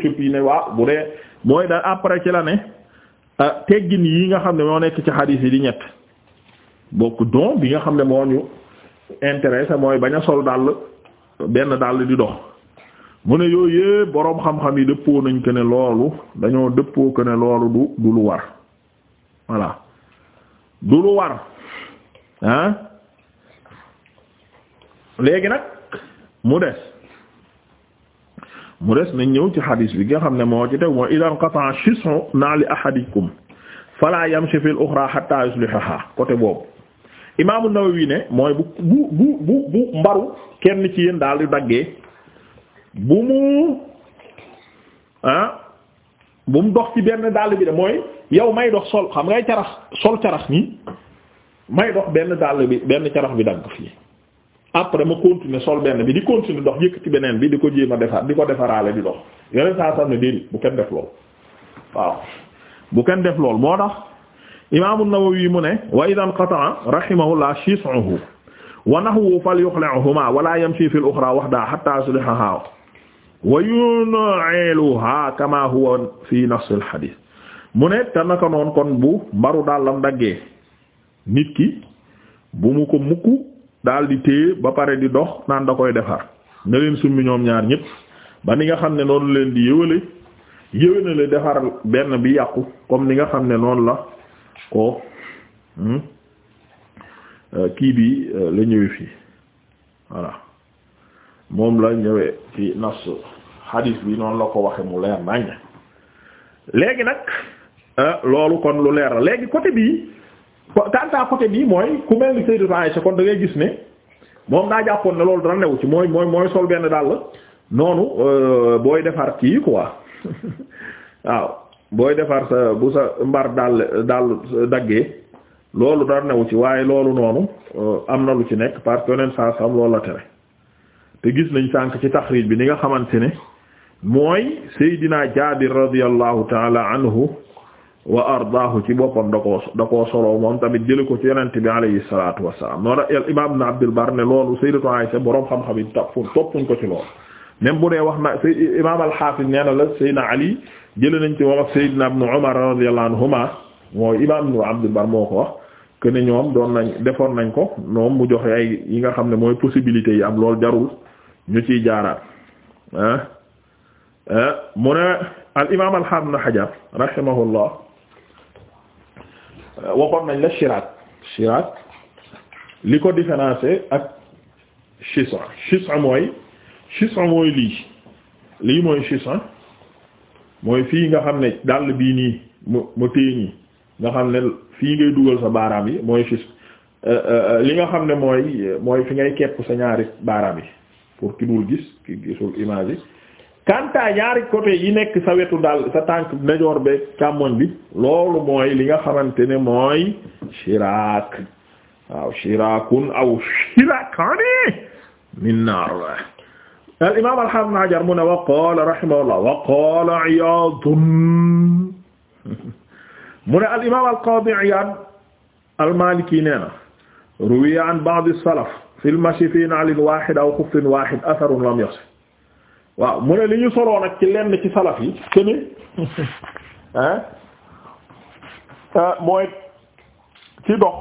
cëpp ne waaw bu dee mooy da après ci la ne euh, teggin yi nga xam ne moo nekk ci xadiis yi di ñett bokk don bi nga xam ne moo ñu intéressé mooy bañ a sol dàll benn dàll di dox mu ne yooyu boroom xam-xam yi dëppoo nañ ko ne loolu dañoo dëppoo ko ne loolu du du lu war voilà du lu war ah léegi nag mu des mu des nañ ñëw ci xadis bi nga xam ne moo ci teg mooy idan qata'a shis'u na'li ahadikum fala yamshi fil ukhra hatta yuslihaha côté boobu imaam an-Nawawi ne mooy bu bu bu bu bu mbaru kenn ci yéen daal di daggee bu mu ah bu mu dox ci benn dàll bi de mooy yow may dox sol xam ngay carax sol carax nii may dox benn dàll bi benn carax bi dagg fii après ma continuer sol benn bi di continuer dox yëkkati beneen bi di ko jéem a defar di ko defaraale di dox yeneen saa sax déedéet bu kenn def lool waaw bu kenn def lool moo tax imaamu Nawawi mu ne wa idan qata'a rahimahullah shis'uhu wa nahwu falyuqli'huma wa la yamshi fil ukhra wahdaha hatta yuslihaha wa yun'iluha kama huwa fi nass al mu ne te naka noon kon bu mbaru daal lam daggee nit ki bu mu ko mukk daal di téye ba pare di dox naan da koy defar na leen summi ñoom ñaar ñëpp ba ni nga xam ne noonu leen di yëwale yëwénale defar benn bi yàqu comme ni nga xam ne noonu la ko hmm, euh, kii bi euh, la ñëwee fii voilà moom la ñëwee ci nas hadith bi noonu la ko waxe mu leer nañ léegi nag euh, loolu kon lu leer la léegi côté bii quant à côté bii mooy ku mel ni Sayyidatu Aisha kon da gis ne moom daa jàppoon ne loolu dara new ci mooy mooy mooy sol benn daal la noonu euh, booy defar kii quoi waaw booy defar sa bu sa mbar dàll daal daggee loolu dara new ci waaye loolu noonu euh, am na lu ci nekk parce que yeneen saa sam loolu la tere te gis nañ sànk ci taxriij bi ni nga xamante ne mooy Seydina Jaabir radiyallahu taala anhu wa ardaahu ci boppam da koo da koo soloo moom tamit jële ko ci yonente bi alayhi salatu wassalam noonu al imam ibn Abdul Barr ne loolu sayyidatu Aisha boroom xam-xam yi toppu toppuñ ko ci loolu même bu dee wax na imam al-Hafiz nee na la sayyidina Ali jële nañ ci wax sayyidina ibn Umar radiyallahu anhuma mooy imam ibn Abdul Barr moo ko wax que ne ñoom doon nañ defoon nañ ko ñoom mu joxe ay yi nga xam ne mooy possibilités yi am loolu jarul ñu ciy jaaraat ah, ah mu ne al imam al-Hafiz Ibn Hajar Euh, waxoon nañ la Chiraat Chiraat li ko différencier ak chis'a chis'a mooy chis'a mooy lii lii mooy chis'a mooy fii nga xam ne dàll bii nii mu mu téye nii nga xam ne fii ngay dugal sa baaraam yi mooy chis'a euh, euh, li nga xam ne mooy mooy fi ngay kepp sa ñaari baaraam yi pour ki gis ki gisul image kanta ñaari côté yi nekk sa wetu daal sa tànk ndeyjoor beeg càmmoñ bi loolu mooy li nga xamante ne mooy shiraak waaw aw shiraakaani min naar al al hasan hajar mu ne wa qaala rahimahullah al imaam al qaadi iyaad al maaliki nee na ruwiya ba'd as-salaf fi al-mashyi fi aw xuffin waahid atharun lam yasih waaw mu ne li ñu soloo nag ci lenn ci salaf yi te ni euh, mooy ci dox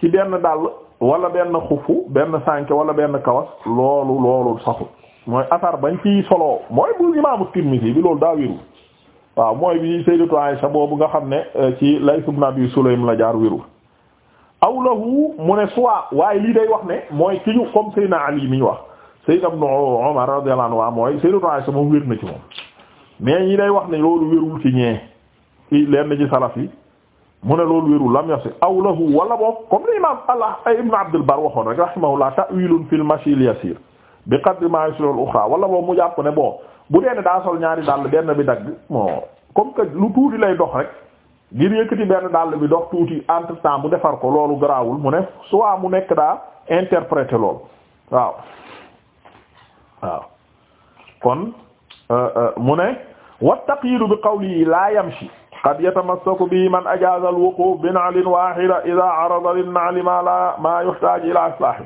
ci benn dàll wala benn xufu benn sànke wala benn kawas loolu loolu saxul mooy asar bañ ci soloo mooy bu imaamu Tirmidhi bi loolu daa wéru waaw mooy bi Sayyidatu Aisha boobu nga xam ne euh, ci Layth ibn Abi Sulaym la jaar wéru aw mu ne soit waaye lii day wax ne mooy ki ñu comme Sayyidina Ali mi ñu wax Sayyid Ibn Umar radiyallahu anhu mooy Sayyidatu Aisha moom wér na ci moom mais ñi day wax ne loolu wérul ci ñee ci lenn ci salaf yi mu ne loolu wérul lam yasi aw lahu wala boog comme li imam Allah ay Ibn Abdul Barr waxoon rek rahimahullah ta'wilun fil mashi al yasir bi qadri ma yusul al ukhra wala boog mu jàpp ne boo bu dee daa sol ñaari dàll benn bi dagg moo comme que lu tuuti lay dox rek ngir yëkkati benn dàll bi dox tuuti entre temps mu defar ko loolu garaawul mu ne soit mu nekk daa interpréter waaw kon euh, euh, mu ne wa taqyidu bi qawlihi la yamshi qad yatamassaku bihi man ajaza al-wuquf bi na'lin wahida idha arada lin-na'li ma la ma yuhtaj ila islahi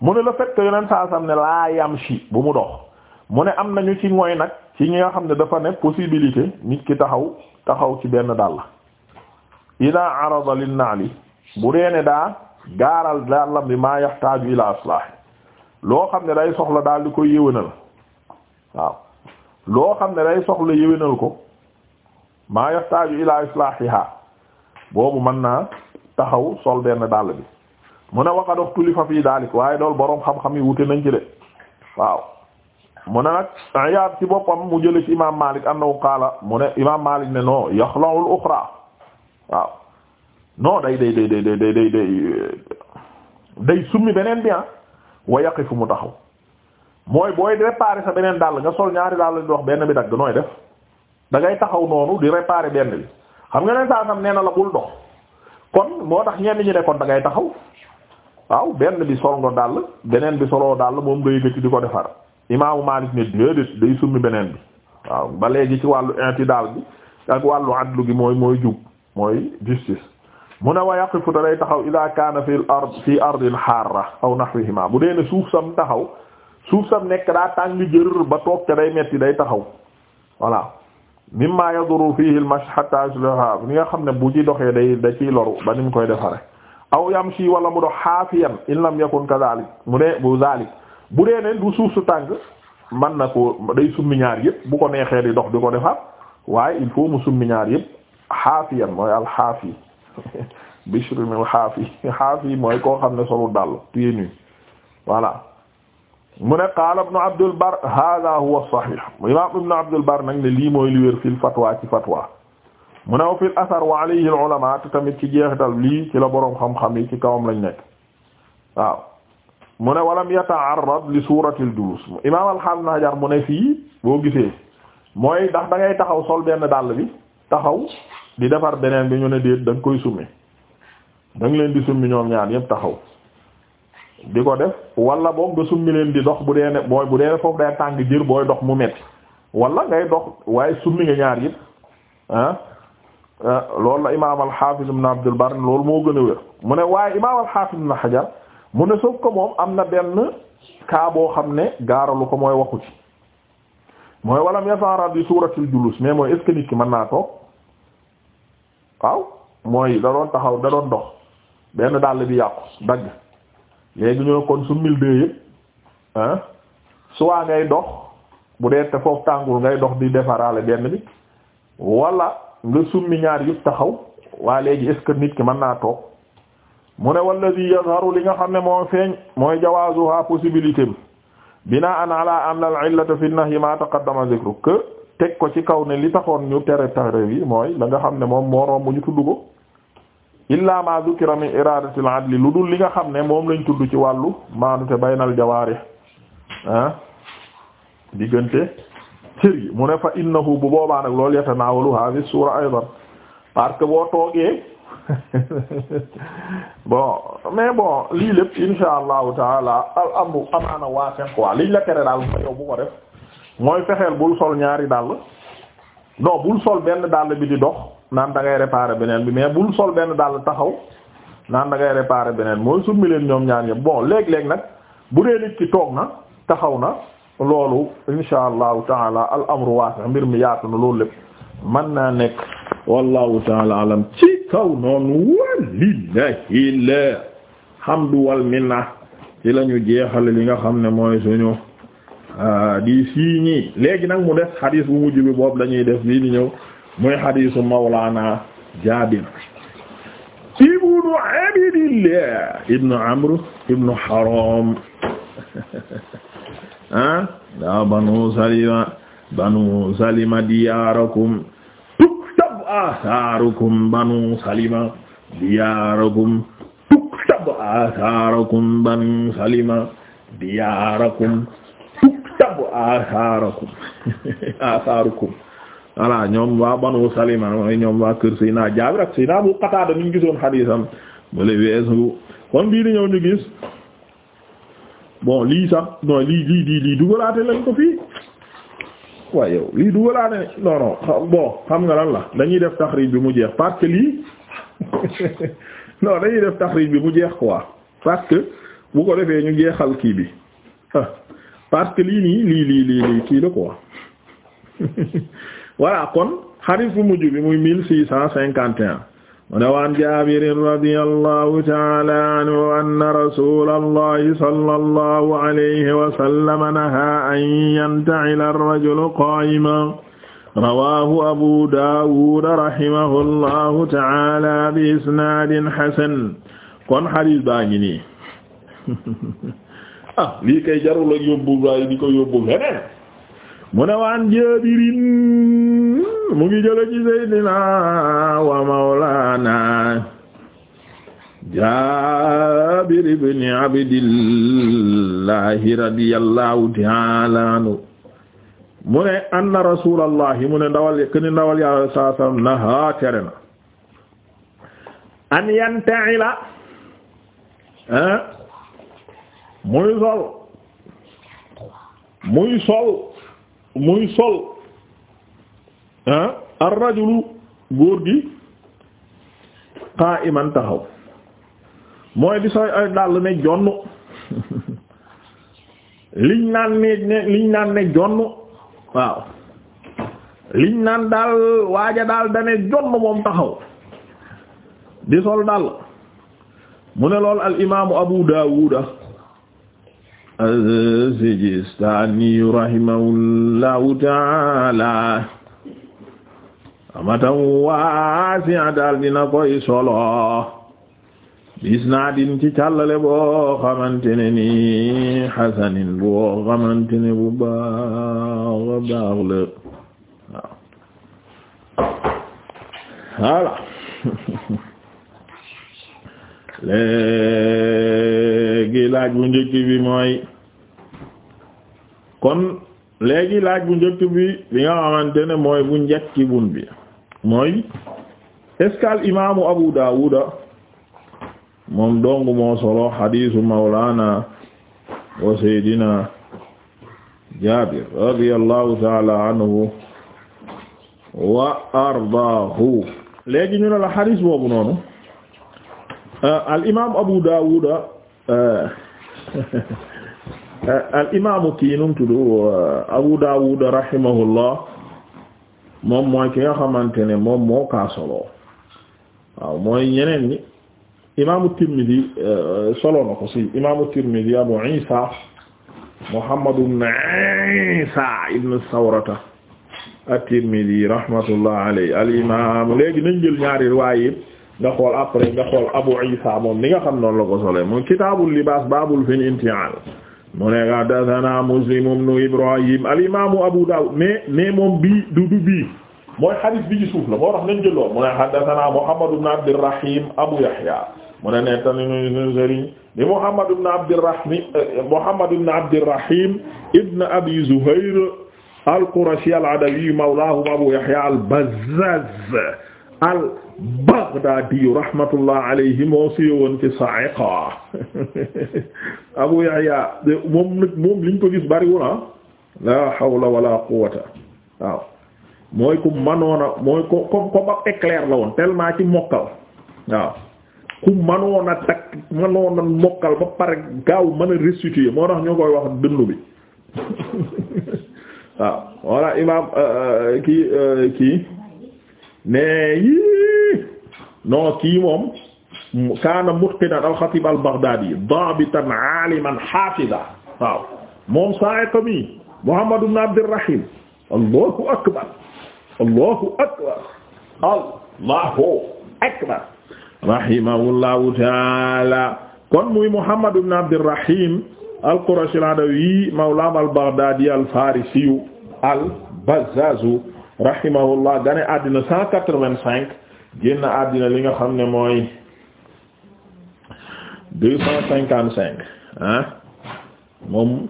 mu ne le fait que yoneen saa sam ne la yamshi bu mu dox mu ne am nañu ci mooy nag ci ñi nga xam ne dafa ne possibilité nit ki taxaw taxaw ci benn dàll idha arada lin-na'li bu dee ne daa gaaral dàllam bi ma yuhtaj ila islahi loo xam ne day soxla daal di koy yéwénal waaw loo xam ne day soxla yéwénal ko maa yaxtaaju ila islaahiha boobu mën naa taxaw sol benn dàll bi mu ne waqad uxtulifa fii daalik waaye loolu boroom xam-xam yi wute nañ ci de waaw mu ne nag Iyaad ci boppam mu jële ci imaam Maalik annahu qaala mu ne imaam Maalik ne non yaxla'ul uxra waaw non day day day day day day summi beneen bi ah wa yaqifu mu taxaw mooy booy réparer sa beneen dàll nga sol ñaari daal di wax benn bi dagg nooy def da ngay taxaw noonu di réparer benn bi xam nga ne saa sam ne na la bul dox kon moo tax ñenn ñi ne kon da ngay taxaw waaw benn bi sol nga dàll beneen bi soloo dàll moom nga yëkkati di ko defar imaamu Maalik ne déedéet day summi beneen bi waaw ba léegi ci wàllu inti daal bi ak wàllu adlu gi mooy mooy jub mooy justice mu ne wa yaqifu te day taxaw ida kaana fi l ard fi ardil xaarra aw nahwihima bu dee ne suuf sam taxaw suuf sam nekk daa tàng jër ba toog te day metti day taxaw voilà mimma yaduru fihi al mash hatta yusliha ni nga xam ne bu ji doxee day da ciy loru ba ni mu koy defare aw yamshi wala mu dox xaafiyan in lam yakun kadhalik mu ne bu zalik bu suuf su tàng man na ko day summi ñaar yëpp bu ko neexee di dox di ko defaat waay il faut mu summi ñaar yëpp xaafiyan mooy al xaafi Bishr mi xaafi mooy koo xam ne solu dàll pieds nus voilà mu ne qaala ibnu Abdul Barr hada huwa sahih imam ibnu Abdul nag ne lii mooy li wér fil fatwa ci fatwa mu ne wa fil asar wa alayhi al te tamit ci jeexital lii ci la boroom xam-xam yi ci kawam lañ nekk waaw mu ne walam yata'arrad li suratil julus imam alxaam najar mu ne fii boo gisee mooy ndax taxaw sol benn dàll bi taxaw di defar beneen bi ñu ne déet da koy summi da leen di summi ñoom ñaar yépp taxaw di ko def walla boog nga summi leen di dox bu dee ne booy bu dee ne foofu day tàng jër booy dox mu metti wala ngay dox waaye summi nga ñaar yépp lool ah, ah, loolu la imaam al na ibn Abdul Barr loolu moo gën a wér mu ne waaye imaam al-Hafiz ibn Hajar mu ne soog ko moom am na benn kaa boo xam ne gaaralu ko mooy waxu ci mooy walam yafaara bi suuratul julus mais mooy est ce mën naa toog. waaw mooy da doon taxaw da doon dox benn dàll bi yàqu dagg léegi ñoo kon su mil deux yëpp ah ngay dox bu dee te foofu tàngul ngay dox di defaraale benn bi wala nga summi ñaar yëpp taxaw waa léegi est nit ki mën naa toog mu ne wala di yazharu li nga xam ne moo feeñ mooy jawaazuha possibilité m binaan ala an al illata fi nahyi ma taqaddama zikru que teg ko ci kaw ne li taxoon ñu tere tere bi mooy la nga xam ne moom moo romb ñu tudd ko illa ma dhukira min iradatil adli lu dul li nga xam ne moom lañu tudd ci wàllu maanute baynal jawaari ah diggante cër mu ne fa innahu bu boobaa nag loolu yatanaawalu hadhihi sura aydan parce que boo toogee bon mais bon lii lépp insha allahu taala al amru amaana waa sen quoi liñ la tere daal fa yow bu ko def mooy fexeel bul sol ñaari dàll non bul sol benn dàll bi di dox naan da ngay beneen bi mais bul sol benn dàll taxaw naan da ngay réparer beneen mooy summi leen ñoom ñaar yëpp bon léeg-léeg nag bu dee nit ki toog na taxaw na loolu insha allahu taala al mbir mi yaatu na loolu lépp mën naa nekk wallahu taala alam ci kaw noonu walillahi la hamdu wal minna ci la ñu li nga xam ne mooy suñu Euh, di fi ñii léegi nag mu des xadis bu mujj bi boobu dañuy def bii di ñëw muy xadisu Mawlana Jaabir ibnu Abdillah ibnu Amr ah banu salima banu tuktab asaarukum banu salima diyaarakum tuktab asaarukum banu salima diyaarakum asaarakum asaarukum voilà ñoom waa banu salima mooy ñoom waa kër Seydina Jaabir ak Seydina Abu Qatada ñu gisoon xadiisam bale weesu kon bii di ñëw ñu gis bon lii sax non lii lii dugalaate lañ ko fii waaye yow lii dugalaate non non bon xam nga lan la dañuy def taxriij bi mu jeex parce que lii non dañuy def taxriij bi mu jeex quoi parce que bu ko defee ñu jeexal kii bi ah. parce que lii nii lii lii lii lii kii la quoi voilà kon xarit bu mujj bi muy mille six cent cinquante et un mu ne waan Jaabirin radiyallahu ta'ala anhu anna rasulallahi sallallahu alayhi wa sallam nahaa an yanta'ila ar-rajulu qaa'iman rawaahu abu daawud rahimahullahu ta'ala bi isnaadin hasan kon xarit baa ngi nii Ah, lii kay jarul ak yóbbu ko yóbbu leneen mu ne waan jaabirin mu ngi jële ci wa mawlaana jaabir ibn abdillahi radiyallahu ta'ala anhu mu ne anna rasulallahi mu ne ndawal keni ndawal yàlla saa sallam naha tere na an muy sol muy sol muy sol ah ar góor gi qa'iman taxaw mooy di sooy ay dàll ne jonn liñ naan ne ne liñ naan ne jonn waaw liñ naan daal waaja daal dane jonn moom taxaw di sol dàll mu ne lool al imaamu Abu Daawuda az-Sijistani rahimahullahu taala amatan waasi'a daal dina koy solo bisnaadin ci càllale boo xamante ne ni hasanin boo xamante ne bu baax baax la léegi laaj bu njëkk bi mooy kon léegi laaj bu njëkk bi bi nga xamante ne mooy bu njëkk bun bi mooy est al imaamu Abu Daawuda moom dong moo solo xadiisu mawlaana wa seydina Jaabir radiyallahu taala anhu wa ardaahu léegi ñu ne la xadiis boobu noonu al imaam Abu Daawuda Euh, euh, al imaamu kii num tudd euh, Abu Dawud rahimahullah moom mooy ki nga xamante ne moom moo kaa solo waaw mooy ñeneen ñi imaamu Tirmidhi solo na ko ci imaamu Tirmidhi Abu Isa Muhammad ibn Isa ibn Sawrata at-Tirmidhi rahmatullah alayhi al imaam léegi nañ jël ñaari riwaaya nga xool après nga xool Abu Isa moom ni nga xam noonu la ko solee libaas baabul fil inti'aal mu ne haddasanaa Muslim ibn Ibrahim al imaamu Abu Daawud mais mais mooy hadith bi ci la moo tax nañ jëloo mu ne haddasanaa Muhammad ibn Abdirrahim Yahya mu ne nee tamit ñun sëriñ di Muhammad ibn eh, Abdirrahim Muhammad ibn Abi Zuhayr al-Qurashi al-Adawi mawlaahum Abu Yahya al-Bazzaz al Baghdadi rahmatullah alayhi moo siy woon ci Sa'iqa Abu Yahya moom nag moom liñ ko gis bariwul ah la hawla wala quwwata waaw mooy ku mënoon a mooy ko ko ko ba éclair la woon tellement ci mokkal waaw ku mënoon a takk mokkal ba pare gaaw mën a restituer moo tax ñu koy wax dënnu bi waaw wala imaam euh, euh, kii euh, kii. mais yii non kii moom kaana mutqinan al-Xatiib al-Baghdaadi daabitan aaliman xaafida waaw moom Sa'iqa mi Muhammad ibn Abdirrahim allahu akbar allahu akbar allahu akbar rahimahullahu taala kon muy Muhammad ibn Abdirrahim al-Qurashi al-Adawi mawlaam al-Baghdaadi al-Faarisi al-Bazzaaz rahimahullah gane àddina cent quatre-vingt-cinq génn àddina li nga xam ne mooy deux cinquante-cinq ah moom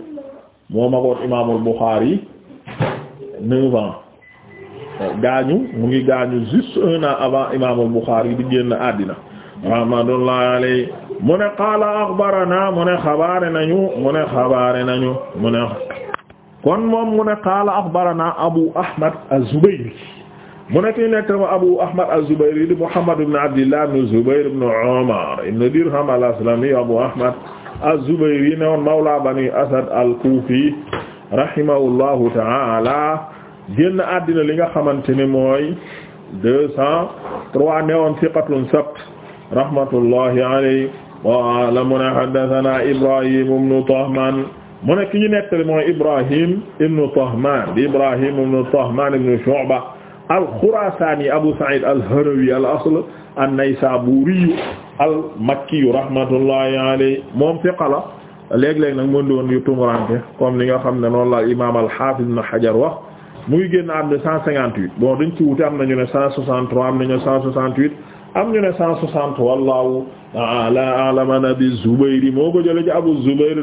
moo magoot imaamul Bukhari neuf gaañu mu ngi gaañu juste un an avant imaamul Bukhari di génn àddina rahmatullahi alayhi mu ne qaala axbarana mu ne xabaare nañu mu ne xabaare nañu mu ne kon moom mu ne qaala axbarana Abu Ahmad az-Zubayri mu ne kii nekk ma Abu Ahmad az-Zubayri di Muhammad ibn Abdillah ibn Zubayr ibn Umar ibn Dirham al-Aslami Abu Ahmad az-Zubayri ne woon mawla Bani Asad al-Kufi rahimahullahu ta'ala génn àddina li nga xamante ne mooy deux cent trois ne woon thiqatun sabt rahmatullahi alayhi wa qaala mu ne haddathana Ibrahim ibn Tahman mu ne ki ñu nettali mooy Ibrahim ibnu Tahman di Ibrahim ibnu Tahman ibnu Shu'ba al-Khurasani Abu Sa'id al-Harawi al-asl an-Naysaburi al-Makki rahmatullahi alayhi moom fiqa la léeg-léeg nag mën doon yu tumurante comme li nga xam ne noonu la imaam al-Hafiz Ibn Hajar wax muy génn am na 158 bon dañ ci wute am nañu ne 163 am nañu ne 168 am ñu ne 160 wallahu ta'ala a'lam an Abi Zubayr moo ko jëlee ci Abu Zubayr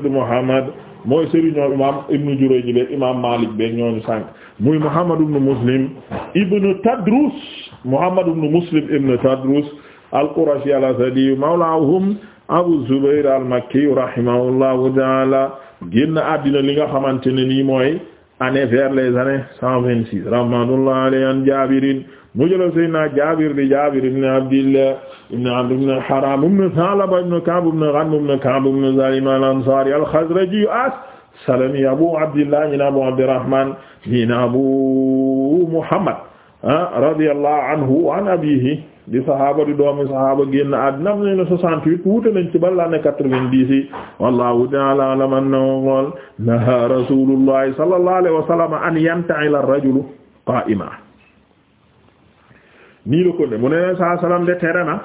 mooy sëriñoo imam ibnu Jurayj ji beeg imam Malik beeg ñooñu sànq muy Muhammad ibnu Muslim ibnu Tadrus Muhammad ibnu Muslim ibnu Tadrus al-Qurashi al-Asadi mawlaahum Abu Zubayr al-Makki rahimahullahu ta'ala génn àddina li nga xamante ne nii mooy année vers les années cent vingt six rahmatullahi alayhi an Jaabirin mu jëlal sayyidina Jaabir di Jaabir ibn Abdillah ibn Amr ibn Haram ibn Salaba ibn Ka'b ibn Ghanm ibn Ka'b ibn Zalima al-Ansari al-Khazraji as-Salami Abu Abdillah ñi na Abu Abdirrahman ñi na Abu Muhammad radiyallahu anhu wa an abihi di sahaaba di doomi sahaaba génn àddina am nañu 68 wuute nañ ci bala ne 90 yi wallahu ta'ala a'lam annahu qala naha rasulullahi sallallahu alayhi wa sallam an yanta'ila ar-rajulu qa'iman nii la ko ne mu ne leen saa salaam de tere na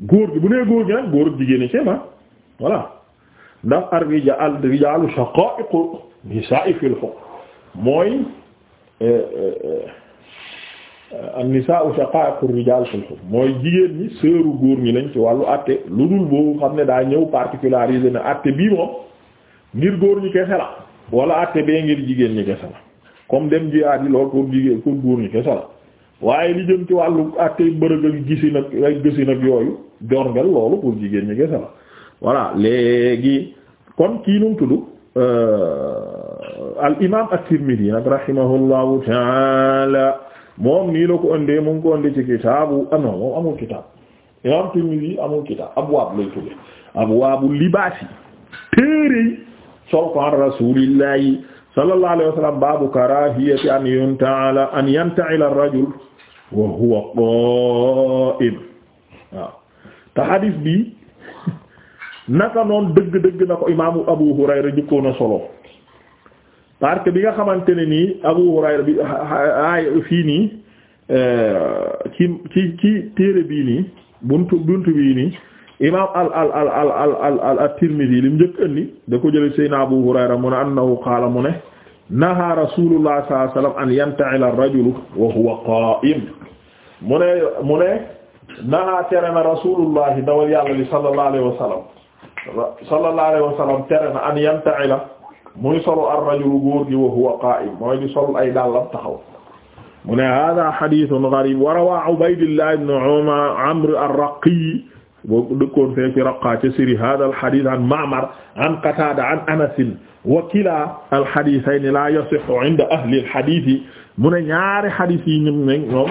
góor gi bu nee góor gi nag góor jigéen ci ma voilà ndax ar rija al rijaalu shaqaa'iqu nisaa'i fil hukm mooy eh, eh, an nisaa'u shaqaa'iqu rijaal fil hukm mooy jigéen ñi seeru góor ñi lañ ci wàllu àtte lu dul boobu xam ne daa ñëw particularisé na àtte bii moom ngir góor ñi kese la wala àtte bee ngir jigéen ñi kese la comme dem jiyaat yi loolu pour jigéen pour góor ñi kese la waaye li jëm ci wàllu àttee bërëg ak gisi nag ay gisi nag yooyu jorngel loolu pour jigéen ñi gese la voilà léegi kon kii num tudd euh, al imaam at-Tirmidhi nag rahimahullahu taala moom nii la ko indee mu ko indi ci kitaabu ah moom amul kitaab imaam Tirmidhi amul kitaab abwaab lay tudde abwaabu libaasi téere sol ko an rasuulillahi sallallahu alayhi wa sallam baabu karaahiyati an yunta'ala an yanta'ila ar-rajul wa huwa qa'im waaw te xadiis bi naka noon dëgg-dëgg na ko imaamu Abu Hurayra jëkkoon a solo parce bi nga xamante ne nii Abu Hurayra bi aay fii nii euh, ci ci téere bii nii buntu buntu bi nii imaam al al al al al al al njëkk andi da ko jëlee Seydina Abu Hurayra mu ne annahu qaala mu ne naha rasulullah sallallahu alayhi wasallam an yanta'ila ar-rajulu wa huwa qaa'im mu ne mu ne naha tere na rasulullah dawal yàlla li sallallahu alayhi wasallam sallallahu alayhi wasallam tere na an yanta'ila muy solu ar-rajulu góor gi wa huwa qaa'im mooy di sol ay dàllam taxaw mu ne hada hadithun gharib wa rawa Ubaydullah ibn Umar Amr ar-Raqi boobu dëkkoon fee fi raqaa ca siri hada alhadith an Ma'mar an Qatada an Anas wa kila alhadithayni la yasihhu inda ahli alhadith yi mu ne ñaari hadith yi ñum ne ñoom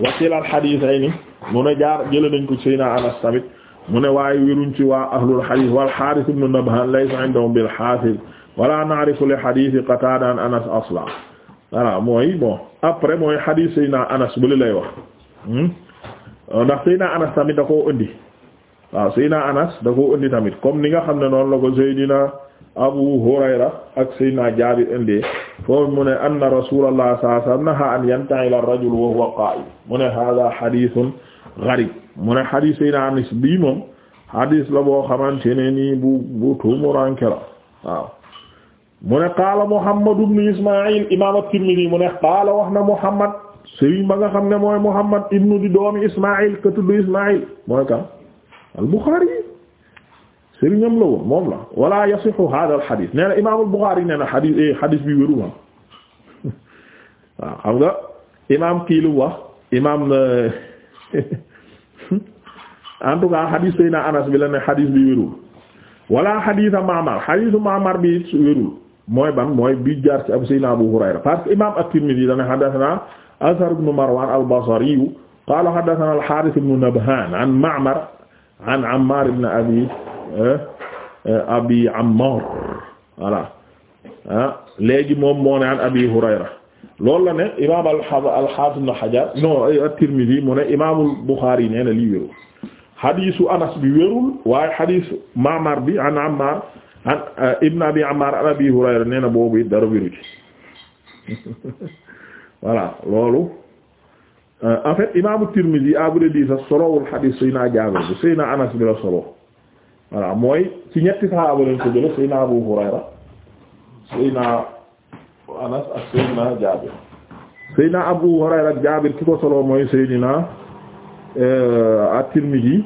wa kila alhadithayni mu ne jaar jëla nañ ko Seydina Anas tamit mu ne waaye wéruñ ci waa ahlul hadith wal Harith ibn Nabhan laysa indahum bil hafiz wala na'rifu li hadith Qatada an Anas asla voilà mooy bon après mooy hadith Seydina Anas bu li lay wax hmm? ndax Seydina Anas tamit da koo indi waaw Seydina Anas da ko tamit comme ni nga xam ne noonu la ko Seydina Abu Hurayra ak Seydina Jaabir indi foofu mu ne anna Rasuulullah sallallahu naha an yanta'ila ar-rajulu wa huwa qaa'im mu ne haaza hadiisun gharib mu ne la boo xamante ne nii bu bu tumuranke la waaw mu Muhammad ibn Ismaa'il imaam at-Tirmidhi mu ne qaala Muhammad sëriñ ba xam ne mooy Muhammad ibnu di doomi Ismaa'il ka tudd Ismaa'il al-Bukhari sëriñam la woon moom la wala yasihu hadha al-hadith nee na imaamul Bukhari nee na hadith eh hadith bi wéruma waaw xam nga imaam kii lu wax imaam euh, en tout cas hadith sayna Anas bi la ne hadith bi wérul wala hadith Ma'mar hadith Ma'mar bi it wérul mooy ban mooy bi jaar ci ab sayna Abu Hurayra parce que imaam at-Tirmidhi dana hadathana Azhar ibn Marwan al-Basri qala hadathana al-Harith ibn Nabhan an Ma'mar an Ammar ibn abi eh, eh, abi Ammar voilà ah léegi moom moo ne an abi Hurayra loolu la ne imaam al-Haafiz ibn Hajar non eh, at-Tirmidhi mu ne imaamul Bukhari nee na lii wérul hadisu Anas bi wérul waaye hadisu Ma'mar bi an Ammar an ibn abi Ammar an abi Hurayra nee na boobu it dara wéru ci voilà loolu Euh, en fait imaamu Tirmidhi à vrai dire sax solowul xadiis Seydina Jaabir bi Seydina Anas bi la solo voilà mooy ci ñetti saxaaba lañ Seydina Abu Hurayra Seydina Anas ak Seydina Jaabir Seydina Abu Hurayra ak Jaabir ki ko solo mooy Seydina euh, at-Tirmidhi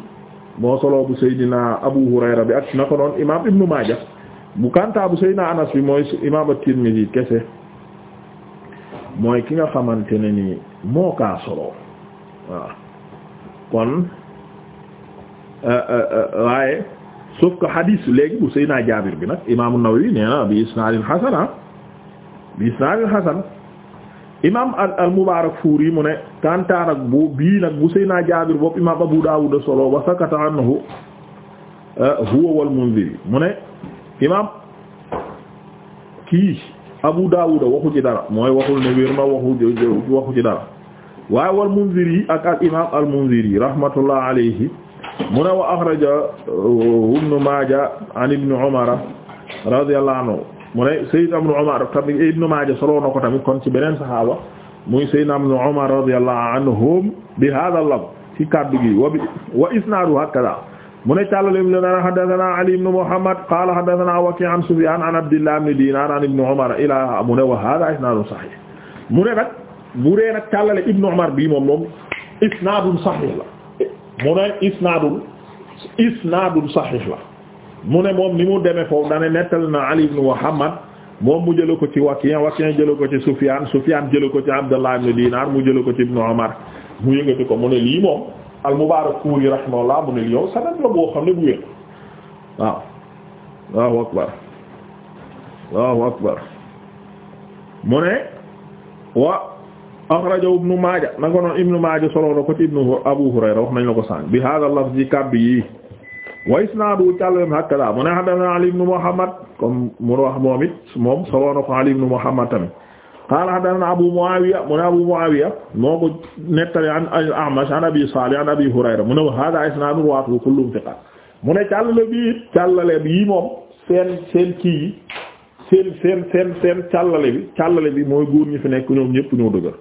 moo solo bu Seydina Abu Hurayra bi ak na ko noon imaam Ibnu Maaja bu kanta bu Seydina Anas bi mooy imaam at-Tirmidhi kese mooy ki nga xamante ne ni moo kaa soloo waaw kon euh, euh, euh, waaye sauf que hadith léegi bu Seydina Jaabir bi nag imaam An-Nawawi nee na bi isnaadin hasan ah, bi isnaadin hasan imaam al-Mubaarakfuuri mu ne kantaan ak bu bii nag bu Seydina Jaabir bopp imaam Abu Daawud solo wa sakata anhu huwa wal Munziri mu ne imaam kii Abu Dawud waxu ci dara mooy waxul ne wér na waxu waxu ci dara waaye wal Munziri ak al imaam al Munziri rahmatullah alayhi mu ne wa axraja uh, Ibnu Maaja an Ibnu Umar radiyallahu anhu mu ne Sayyidna Ibnu Umar tamit Ibnu Maaja soloo na ko tamit kon ci beneen saxaaba muy Sayyidna Ibnu Umar radiyallahu anhum bi haadha al-lafz ci kàddu gi wa bi wa isnaaduhu hakadha mu ne càllalebi le naan hadathana ali ibn muhammad qala hadathana waki an sufyan an abdillah ibn dinar an ibn umar ila mu ne wa hada isnadun sahih mu ne nag bu ree nag càllale ibn umar bii moom moom isnadun sahih la mu ne isnadun isnadun sahih la mu ne moom ni mu demee foofu dane nettal na ali ibn muhammad moom mu jëla ko ci waki waki jëla ko ci sufyan sufyan jëla ko ci abdullah ibn dinar mu jëla ko ci ibn umar mu yëgati ko mu ne lii moom al-Mubaarakfuuri rahimahullah mu ne li yow sanad la boo xam ne bu wér waaw Allahu akbar Allahu akbar mu ne wa akhrajahu Ibnu Maaja na ko noon Ibnu Maaja solo ko ci Ibnu Abu Hurayra wax nañ la ko sànq bi haadha al-lafzi kàddu yi wa isnaadu càllem hakada mu ne haddathana Ali ibnu Muhammad comme mu wax moom it moom solo ko Ali ibnu Muhammad tamit qaala haddathana Abu Muawiya mu ne Abu Muawiya moo ko nettali an al-A'mash an Abi Salih an Abi Hurayra mu ne hada isnadu ruwaatu kulluhum thiqat mu ne càllale bi càllale bi moom seen seen kii yi seen seen seen seen càllale bi càllale bi mooy góor ñi fi nekk ñoom ñëpp ñoo dëgër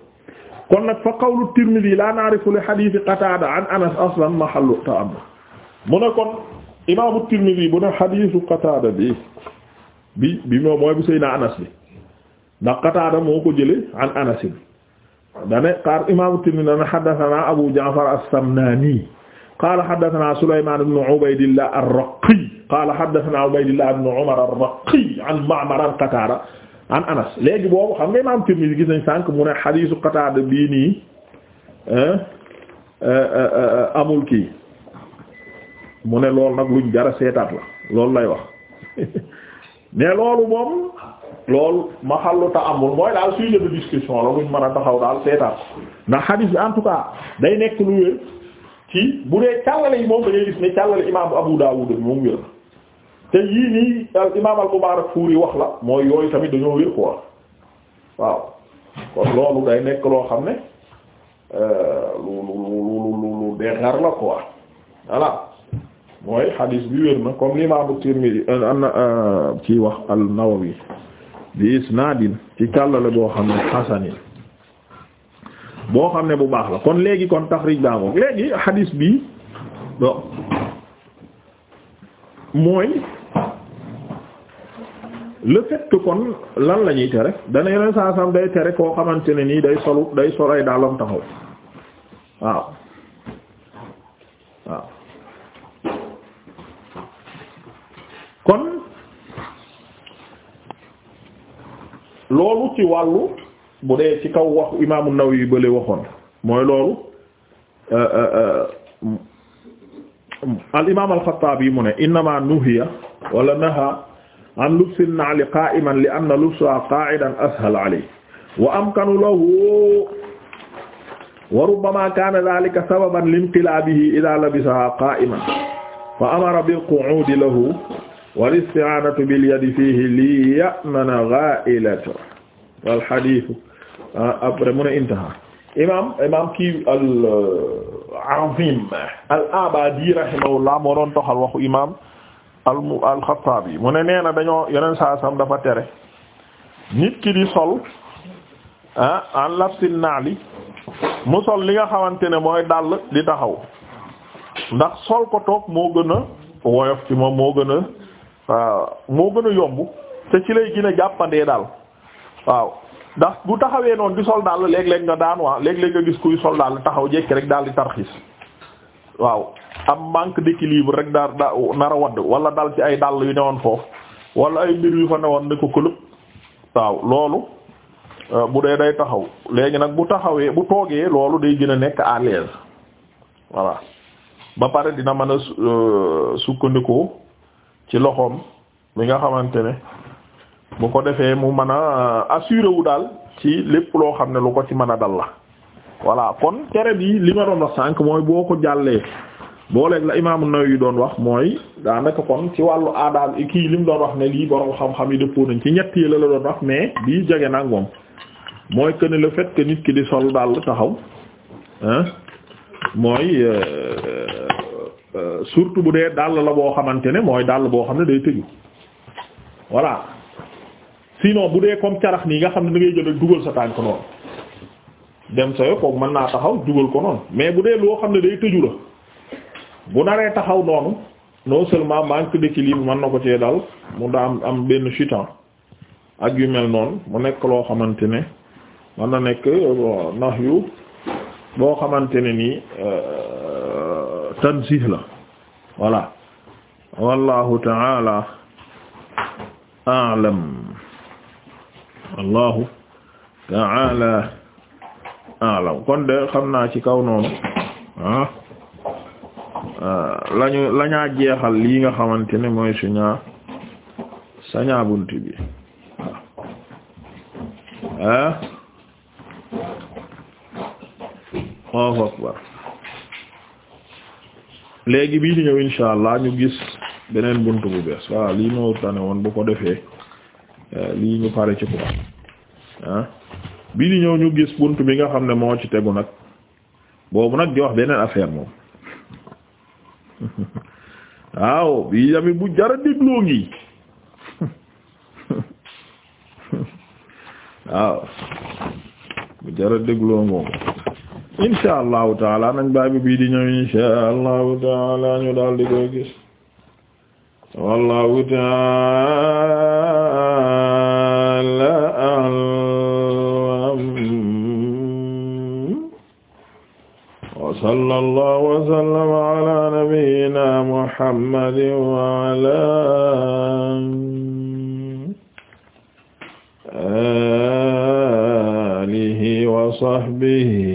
kon nag fa qawlu Tirmidhi la na'rifu li hadith Qatada an Anas aslan mahallu ta'ammul mu ne kon imaamu Tirmidhi bu ne hadithu Qatada bi bi bi moom mooy bu Seydina Anas bi ndax Qataada moo ko jële an Anas dane qaar imaamu Tirmidhi dane haddathana Abu Ja'far as-Samnani qaala haddathana Sulaymaan ibn Ubaydillah ar-Raqi qaala haddathana Ubaydillah ibn Umar ar-Raqi an Ma'mar an Qataada an Anas léegi boobu xam nga imaamu Tirmidhi gis nañ sànq mu ne hadiisu Qataada bii nii euh, euh, euh, kii mu ne loolu nag luñ jara seetaat la loolu lay wax mais loolu moom loolu ma xalluta amul mooy daal sujet de discussion la buñ mën a taxaw daal seetaan ndax xadiis bi en tout cas day nekk lu wér ci bu dee càllale yi moom da gis ne càllale imaamu Abu Dawud bi moom wér te yii nii al imaam al Mubarakfuri wax la mooy yooyu tamit dañoo wér quoi waaw kon loolu day nekk loo xam ne euh, lu lu lu lu lu dexar la quoi voilà mooy xadiis bi wér na comme l'imam Tirmidhi euh, an ci euh, wax al Nawawi bi isnaadin ci càllale boo xam ne xasanin boo xam ne bu baax la kon léegi kon taxrij baa ngoog léegi xadiis bi mooy le fait kon lan la ñuy tere dana yeneen saa sam day tere koo xamante nii day solu day sol ay daalam taxaw waaw loolu ci wàllu bu dee ci kaw waxu imaamu Nawawi bële waxoon mooy loolu euh, euh, al imaam al-Xattaabi mu ne innama nuhiya wala naha an lubsi naali qa'iman li anna lubsaha qa'idan ashal alayhi wa amkanu lahu wa rubbama kaana dhalika sababan li inqilaabihi idha labisaha qa'iman fa amara bil qu'udi lahu wal isti'aanatu bil yadi fiihi li ya'mana ghaa'ilatu wal hadiith ah, après mu ne intaha imaam imaam kii al-azim euh, al-abadi moo doon toxal waxu imaam al al-Xattaabi mu ne nee na dañoo yeneen saa sam dafa tere nit ki di sol ah an labsin mu sol li nga xamante ne mooy dàll di taxaw ndax sol ko toog moo gën a woyof ci moom moo gën a waaw moo gën a yomb te ci lay gën a jàppandee daal waaw ndax bu taxawee noonu di sol daal léeg-léeg nga daan waa léeg-léeg nga gis kuy sol daal taxaw jekki rek daal di tarxiis waaw am manque d'équilibre rek daal da nar wadd wala dal ci ay dàll yu ne newoon foofu wala ay mbir yu fa newoon ne ko këlëb waaw loolu euh, bu dee day taxaw léegi nag bu taxawee bu toogee loolu day gën a nekk à l'aise voilà ba pare dina mën a euh, sukkandikoo ci loxoom mi nga xamante ne bu ko defee mu mën a assuré wu daal ci lépp loo xam ne lu ko ci mën a dal la voilà kon tere bi li ma doon wax sànq mooy boo ko jàllee booleeg la imaam An-Nawawi doon wax mooy daanaka kon ci wàllu aadaab kii lim mu doon wax ne lii borom xam-xam yi dëppoo nañ ci ñett yi la la doon wax mais bii jege nag moom mooy que ne le fait que nit ki di sol daal taxaw ah mooy. Euh, Euh, surtout bu dee dàll la boo xamante ne mooy dàll boo xam ne day tëju voilà sinon bu dee comme carax nii nga xam ne da ngay jël dugal sa tànk noonu dem sa yo kooku mën naa taxaw dugal ko noonu mais bu dee loo xam ne day tëju la bu naree taxaw noonu non seulement manque d'équilibre mën na ko cee dal mu daa am am benn chutan ak yu mel noonu mu nekk loo xamante ne mën na nekk euh, nax yu boo xamante ne nii euh, tansih la voilà wallahu taala a'lam wallahu taala a'lam kon de xam naa ci kaw noonu ah, ah lañu lañaa jeexal lii nga xamante ne mooy suñaa sañaa bunt bi waaw ah Allahu akbar léegi bii di ñëw insha allah ñu gis beneen bunt bu bees waaw lii moo tane woon bu ko defee euh, lii ñu pare ci quoi ah bii di ñëw ñu gis bunt bi nga xam ne moo ci tegu nag boobu nag di wax beneen affaire moom waaw bii tamit bu jara dégloo ngi waaw bu jara dégloo ngoogu insha allahu taala nañ baabi bii di ñëw insha allahu taala ñu daal di koy gis wallahu taala a'lam wa sallallahu wa sallama ala nabiyyina muhammadin wa ala alihi wa sahbihi